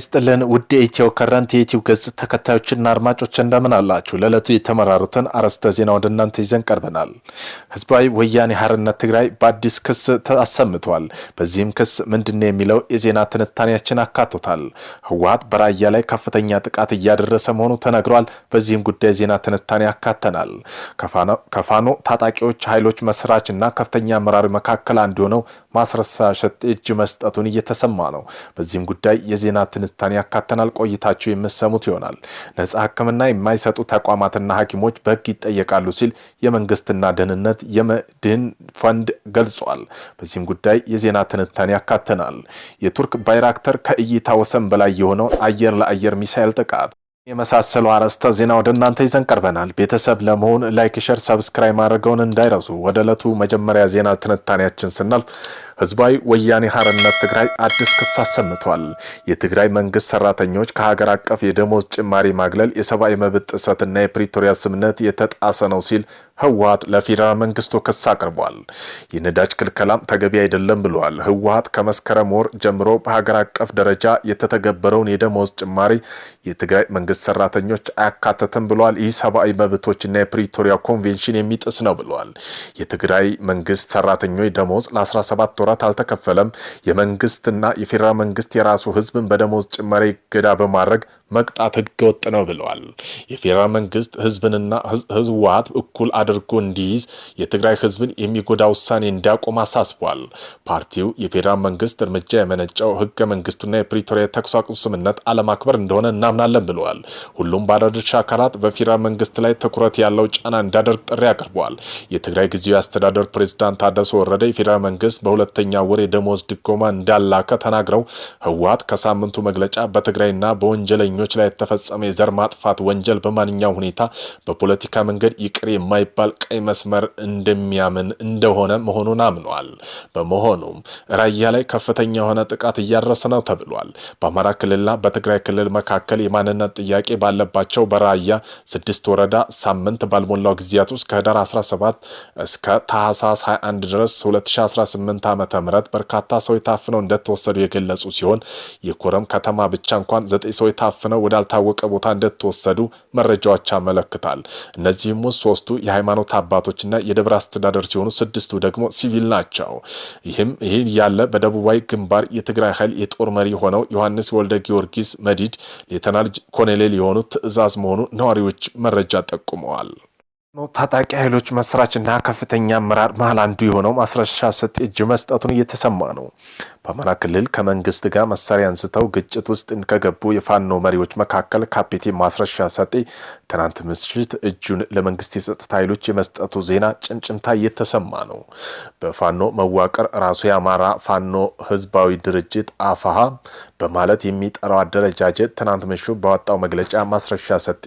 ይስጥልን ውድ የኢትዮ ከረንት የዩቲዩብ ገጽ ተከታዮችና አድማጮች እንደምን አላችሁ? ለዕለቱ የተመራሩትን አርዕስተ ዜና ወደ እናንተ ይዘን ቀርበናል። ህዝባዊ ወያኔ ሓርነት ትግራይ በአዲስ ክስ አሰምቷል። በዚህም ክስ ምንድነው የሚለው የዜና ትንታኔያችን አካቶታል። ህወሓት በራያ ላይ ከፍተኛ ጥቃት እያደረሰ መሆኑ ተነግሯል። በዚህም ጉዳይ ዜና ትንታኔ ያካተናል። ከፋኖ ታጣቂዎች ኃይሎች መስራች እና ከፍተኛ አመራሪ መካከል አንዱ የሆነው ማስረሻ ሸቴ እጅ መስጠቱን እየተሰማ ነው። በዚህም ጉዳይ የዜና ትን ትንታኔ ያካተናል። ቆይታችሁ የምሰሙት ይሆናል። ነጻ ሕክምና የማይሰጡ ተቋማትና ሐኪሞች በሕግ ይጠየቃሉ ሲል የመንግስትና ደህንነት የመድህን ፈንድ ገልጿል። በዚህም ጉዳይ የዜና ትንታኔ ያካተናል። የቱርክ ባይራክተር ከእይታ ወሰን በላይ የሆነው አየር ለአየር ሚሳኤል ጥቃት የመሳሰሉ አርዕስተ ዜና ወደ እናንተ ይዘን ቀርበናል። ቤተሰብ ለመሆን ላይክ፣ ሸር፣ ሰብስክራይብ ማድረገውን እንዳይረሱ። ወደ ዕለቱ መጀመሪያ ዜና ትንታኔያችን ስናልፍ ህዝባዊ ወያኔ ሀርነት ትግራይ አዲስ ክስ አሰምቷል። የትግራይ መንግስት ሰራተኞች ከሀገር አቀፍ የደሞዝ ጭማሪ ማግለል፣ የሰብአዊ መብት ጥሰትና የፕሪቶሪያ ስምምነት የተጣሰ ነው ሲል ህወሀት ለፌዴራል መንግስቱ ክስ አቅርቧል። የነዳጅ ክልከላም ተገቢ አይደለም ብለዋል። ህወሀት ከመስከረም ወር ጀምሮ በሀገር አቀፍ ደረጃ የተተገበረውን የደመወዝ ጭማሪ የትግራይ መንግስት ሰራተኞች አያካተትም ብለዋል። ይህ ሰብአዊ መብቶችና የፕሪቶሪያ ኮንቬንሽን የሚጥስ ነው ብለዋል። የትግራይ መንግስት ሰራተኞች ደሞዝ ለ17 ወራት አልተከፈለም። የመንግስትና የፌዴራል መንግስት የራሱ ህዝብን በደሞዝ ጭማሪ እገዳ በማድረግ መቅጣት ህገወጥ ነው ብለዋል። የፌዴራል መንግስት ህዝብንና ህወሀት እኩል አድርጎ እንዲይዝ የትግራይ ህዝብን የሚጎዳ ውሳኔ እንዲያቆም አሳስቧል። ፓርቲው የፌዴራል መንግስት እርምጃ የመነጨው ህገ መንግስቱና የፕሪቶሪያ የተኩስ አቁም ስምምነት አለማክበር እንደሆነ እናምናለን ብለዋል። ሁሉም ባለድርሻ አካላት በፌዴራል መንግስት ላይ ትኩረት ያለው ጫና እንዲያደርግ ጥሪ አቅርበዋል። የትግራይ ጊዜያዊ አስተዳደር ፕሬዚዳንት ታደሰ ወረደ የፌዴራል መንግስት በሁለተኛ ወር የደሞዝ ድጎማ እንዳላከ ተናግረው ህወሓት ከሳምንቱ መግለጫ በትግራይና በወንጀለኞች ላይ የተፈጸመ የዘር ማጥፋት ወንጀል በማንኛውም ሁኔታ በፖለቲካ መንገድ ይቅር የማይባል የሚባል ቀይ መስመር እንደሚያምን እንደሆነ መሆኑን አምኗል። በመሆኑም ራያ ላይ ከፍተኛ የሆነ ጥቃት እያደረሰ ነው ተብሏል። በአማራ ክልልና በትግራይ ክልል መካከል የማንነት ጥያቄ ባለባቸው በራያ ስድስት ወረዳ ሳምንት ባልሞላው ጊዜያት ውስጥ ከህዳር 17 እስከ ታህሳስ 21 ድረስ 2018 ዓ ም በርካታ ሰው የታፍነው እንደተወሰዱ የገለጹ ሲሆን የኮረም ከተማ ብቻ እንኳን ዘጠኝ ሰው የታፍነው ወዳልታወቀ ቦታ እንደተወሰዱ መረጃዎች ያመለክታል። እነዚህም ውስጥ ሶስቱ የ የሃይማኖት አባቶችና የደብረ አስተዳደር ሲሆኑ ስድስቱ ደግሞ ሲቪል ናቸው። ይህም ይህ ያለ በደቡባዊ ግንባር የትግራይ ኃይል የጦር መሪ የሆነው ዮሐንስ ወልደ ጊዮርጊስ መዲድ ሌተናል ኮሎኔል የሆኑት ትዕዛዝ መሆኑ ነዋሪዎች መረጃ ጠቁመዋል። ኖ ታጣቂ ኃይሎች መስራች እና ከፍተኛ አመራር መሀል አንዱ የሆነው ማስረሻ ሰጥ እጅ መስጠቱን እየተሰማ ነው። በአማራ ክልል ከመንግስት ጋር መሳሪያ አንስተው ግጭት ውስጥ ከገቡ የፋኖ መሪዎች መካከል ካፒቴን ማስረሻ ሰጤ ትናንት ምሽት እጁን ለመንግስት የጸጥታ ኃይሎች የመስጠቱ ዜና ጭምጭምታ እየተሰማ ነው። በፋኖ መዋቅር ራሱ የአማራ ፋኖ ህዝባዊ ድርጅት አፋሃ በማለት የሚጠራው አደረጃጀት ትናንት ምሽት ባወጣው መግለጫ ማስረሻ ሰጤ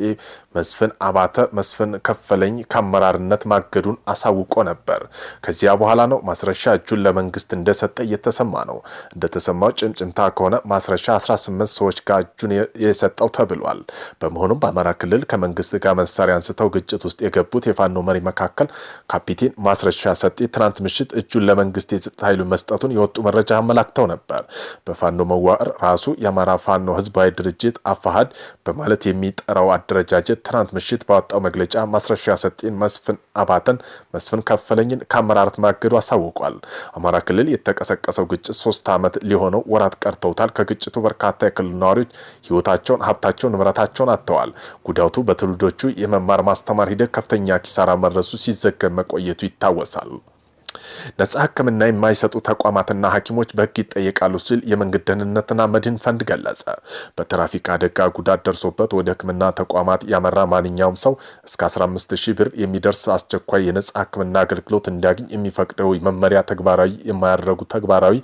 መስፍን አባተ፣ መስፍን ከፈለኝ እንዳገኝ ከአመራርነት ማገዱን አሳውቆ ነበር። ከዚያ በኋላ ነው ማስረሻ እጁን ለመንግስት እንደሰጠ እየተሰማ ነው። እንደተሰማው ጭምጭምታ ከሆነ ማስረሻ 18 ሰዎች ጋር እጁን የሰጠው ተብሏል። በመሆኑም በአማራ ክልል ከመንግስት ጋር መሳሪያ አንስተው ግጭት ውስጥ የገቡት የፋኖ መሪ መካከል ካፒቴን ማስረሻ ሰጤ ትናንት ምሽት እጁን ለመንግስት የጸጥታ ኃይሉ መስጠቱን የወጡ መረጃ አመላክተው ነበር። በፋኖ መዋቅር ራሱ የአማራ ፋኖ ህዝባዊ ድርጅት አፋሃድ በማለት የሚጠራው አደረጃጀት ትናንት ምሽት ባወጣው መግለጫ ማስረሻ ሰጤን መስፍን አባተን መስፍን ከፈለኝን ከአመራረት ማገዱ አሳውቋል። አማራ ክልል የተቀሰቀሰው ግጭት ሶስት ዓመት ሊሆነው ወራት ቀርተውታል። ከግጭቱ በርካታ የክልል ነዋሪዎች ህይወታቸውን፣ ሀብታቸውን፣ ንብረታቸውን አጥተዋል። ጉዳቱ በትውልዶቹ የመማር ማስተማር ሂደት ከፍተኛ ኪሳራ መድረሱ ሲዘገብ መቆየቱ ይታወሳል። ነጻ ሕክምና የማይሰጡ ተቋማትና ሐኪሞች በሕግ ይጠየቃሉ ሲል የመንገድ ደህንነትና መድህን ፈንድ ገለጸ። በትራፊክ አደጋ ጉዳት ደርሶበት ወደ ሕክምና ተቋማት ያመራ ማንኛውም ሰው እስከ 15 ብር የሚደርስ አስቸኳይ የነጻ ሕክምና አገልግሎት እንዲያገኝ የሚፈቅደው መመሪያ ተግባራዊ የማያደረጉ ተግባራዊ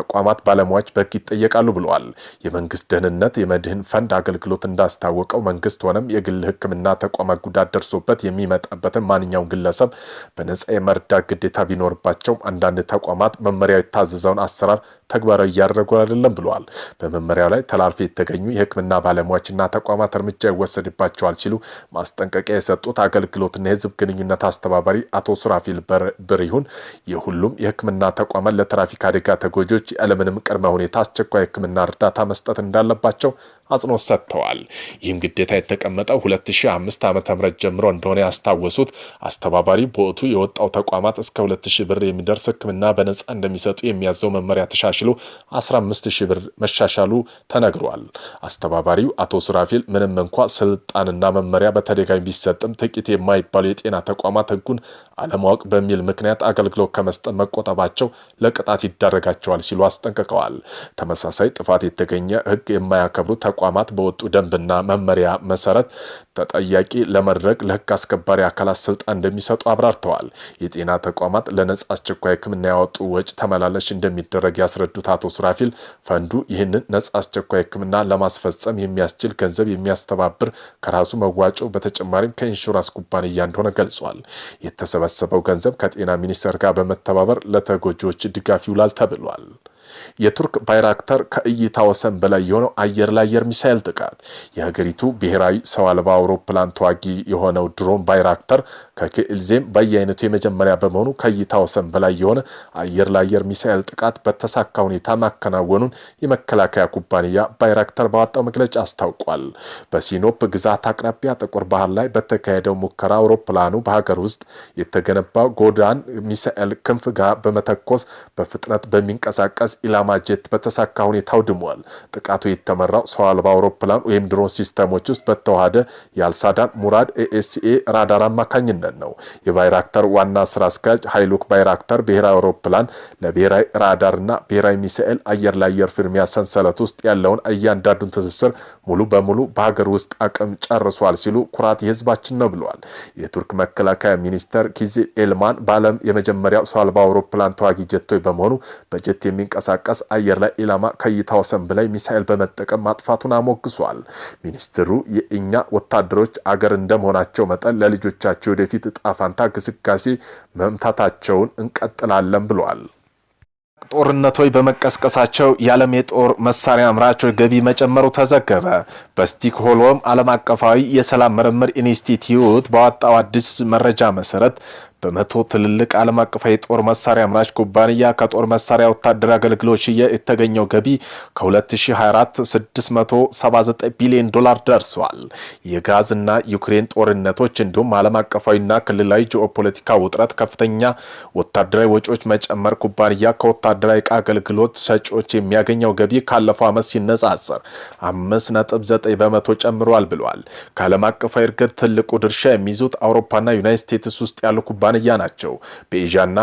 ተቋማት ባለሙያዎች በሕግ ይጠየቃሉ ብለዋል። የመንግስት ደህንነት የመድህን ፈንድ አገልግሎት እንዳስታወቀው መንግስት ሆነም የግል ሕክምና ተቋማት ጉዳት ደርሶበት የሚመጣበትን ማንኛውም ግለሰብ በነጻ የመርዳት ግዴታ ቢኖር ቢኖርባቸውም አንዳንድ ተቋማት መመሪያው የታዘዘውን አሰራር ተግባራዊ እያደረጉ አይደለም ብለዋል። በመመሪያው ላይ ተላልፎ የተገኙ የሕክምና ባለሙያዎችና ተቋማት እርምጃ ይወሰድባቸዋል ሲሉ ማስጠንቀቂያ የሰጡት አገልግሎትና የህዝብ ግንኙነት አስተባባሪ አቶ ሱራፊል ብሪሁን የሁሉም የሕክምና ተቋማት ለትራፊክ አደጋ ተጎጂዎች ያለምንም ቅድመ ሁኔታ አስቸኳይ የሕክምና እርዳታ መስጠት እንዳለባቸው አጽንኦት ሰጥተዋል። ይህም ግዴታ የተቀመጠው 2005 ዓ ም ጀምሮ እንደሆነ ያስታወሱት አስተባባሪ በወቅቱ የወጣው ተቋማት እስከ 2000 ብር የሚደርስ ሕክምና በነጻ እንደሚሰጡ የሚያዘው መመሪያ ተሻሽሎ 15000 ብር መሻሻሉ ተነግሯል። አስተባባሪው አቶ ሱራፌል ምንም እንኳ ስልጣንና መመሪያ በተደጋሚ ቢሰጥም ጥቂት የማይባሉ የጤና ተቋማት ሕጉን አለማወቅ በሚል ምክንያት አገልግሎት ከመስጠት መቆጠባቸው ለቅጣት ይዳረጋቸዋል ሲሉ አስጠንቅቀዋል። ተመሳሳይ ጥፋት የተገኘ ሕግ የማያከብሩ ተቋማት በወጡ ደንብና መመሪያ መሰረት ተጠያቂ ለመድረግ ለህግ አስከባሪ አካላት ስልጣን እንደሚሰጡ አብራርተዋል። የጤና ተቋማት ለነጻ አስቸኳይ ህክምና ያወጡ ወጪ ተመላለሽ እንደሚደረግ ያስረዱት አቶ ሱራፊል ፈንዱ ይህንን ነጻ አስቸኳይ ህክምና ለማስፈጸም የሚያስችል ገንዘብ የሚያስተባብር ከራሱ መዋጮ በተጨማሪም ከኢንሹራንስ ኩባንያ እንደሆነ ገልጿል። የተሰበሰበው ገንዘብ ከጤና ሚኒስቴር ጋር በመተባበር ለተጎጂዎች ድጋፍ ይውላል ተብሏል። የቱርክ ባይራክተር ከእይታ ወሰን በላይ የሆነው አየር ለአየር ሚሳይል ጥቃት የሀገሪቱ ብሔራዊ ሰው አልባ አውሮፕላን ተዋጊ የሆነው ድሮን ባይራክተር ከክልዜም በየአይነቱ የመጀመሪያ በመሆኑ ከእይታ ወሰን በላይ የሆነ አየር ለአየር ሚሳኤል ጥቃት በተሳካ ሁኔታ ማከናወኑን የመከላከያ ኩባንያ ባይራክተር ባወጣው መግለጫ አስታውቋል። በሲኖፕ ግዛት አቅራቢያ ጥቁር ባህር ላይ በተካሄደው ሙከራ አውሮፕላኑ በሀገር ውስጥ የተገነባው ጎዳን ሚሳኤል ክንፍ ጋር በመተኮስ በፍጥነት በሚንቀሳቀስ ኢላማ ጀት በተሳካ ሁኔታ አውድሟል። ጥቃቱ የተመራው ሰው አልባ አውሮፕላን ወይም ድሮን ሲስተሞች ውስጥ በተዋሃደ የአልሳዳን ሙራድ ኤኤስኤ ራዳር አማካኝነት ማለት ነው። የባይራክተር ዋና ስራ አስኪያጅ ሀይሉክ ባይራክተር ብሔራዊ አውሮፕላን ለብሔራዊ ራዳርና ብሔራዊ ሚሳኤል አየር ለአየር ፍልሚያ ሰንሰለት ውስጥ ያለውን እያንዳንዱን ትስስር ሙሉ በሙሉ በሀገር ውስጥ አቅም ጨርሷል ሲሉ ኩራት የህዝባችን ነው ብለዋል። የቱርክ መከላከያ ሚኒስተር ኪዚ ኤልማን በዓለም የመጀመሪያው ሰው አልባ አውሮፕላን ተዋጊ ጀቶች በመሆኑ በጀት የሚንቀሳቀስ አየር ላይ ኢላማ ከእይታ ወሰን በላይ ሚሳኤል በመጠቀም ማጥፋቱን አሞግሷል። ሚኒስትሩ የእኛ ወታደሮች አገር እንደመሆናቸው መጠን ለልጆቻቸው ወደፊት የወደፊት እጣፋንታ ግስጋሴ መምታታቸውን እንቀጥላለን ብለዋል። ጦርነቶች በመቀስቀሳቸው የዓለም የጦር መሳሪያ አምራቾች ገቢ መጨመሩ ተዘገበ። በስቶክሆልም ዓለም አቀፋዊ የሰላም ምርምር ኢንስቲትዩት ባወጣው አዲስ መረጃ መሰረት በመቶ ትልልቅ ዓለም አቀፋዊ የጦር መሳሪያ አምራች ኩባንያ ከጦር መሳሪያ ወታደር አገልግሎት ሽያጭ የተገኘው ገቢ ከ2024 679 ቢሊዮን ዶላር ደርሷል። የጋዝና ዩክሬን ጦርነቶች እንዲሁም ዓለም አቀፋዊና ክልላዊ ጂኦፖለቲካ ውጥረት፣ ከፍተኛ ወታደራዊ ወጪዎች መጨመር ኩባንያ ከወታደራዊ ዕቃ አገልግሎት ሰጪዎች የሚያገኘው ገቢ ካለፈው ዓመት ሲነጻጸር 5.9 በመቶ ጨምሯል ብሏል። ከዓለም አቀፋዊ እድገት ትልቁ ድርሻ የሚይዙት አውሮፓና ዩናይት ስቴትስ ውስጥ ያሉ ኩባ ኩባንያ ናቸው። በኤዣና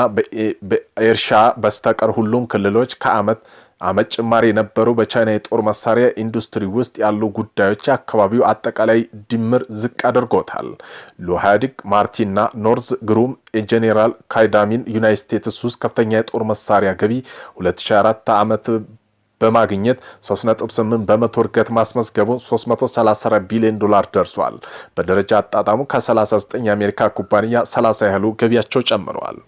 በኤርሻ በስተቀር ሁሉም ክልሎች ከአመት አመት ጭማሪ የነበሩ በቻይና የጦር መሳሪያ ኢንዱስትሪ ውስጥ ያሉ ጉዳዮች የአካባቢው አጠቃላይ ድምር ዝቅ አድርጎታል። ሉሃዲግ ማርቲንና ኖርዝ ግሩም የጄኔራል ካይዳሚን ዩናይት ስቴትስ ውስጥ ከፍተኛ የጦር መሳሪያ ገቢ 2004 ዓመት በማግኘት 3.8 በመቶ እድገት ማስመዝገቡን 334 ቢሊዮን ዶላር ደርሷል። በደረጃ አጣጣሙ ከ39 የአሜሪካ ኩባንያ 30 ያህሉ ገቢያቸው ጨምረዋል።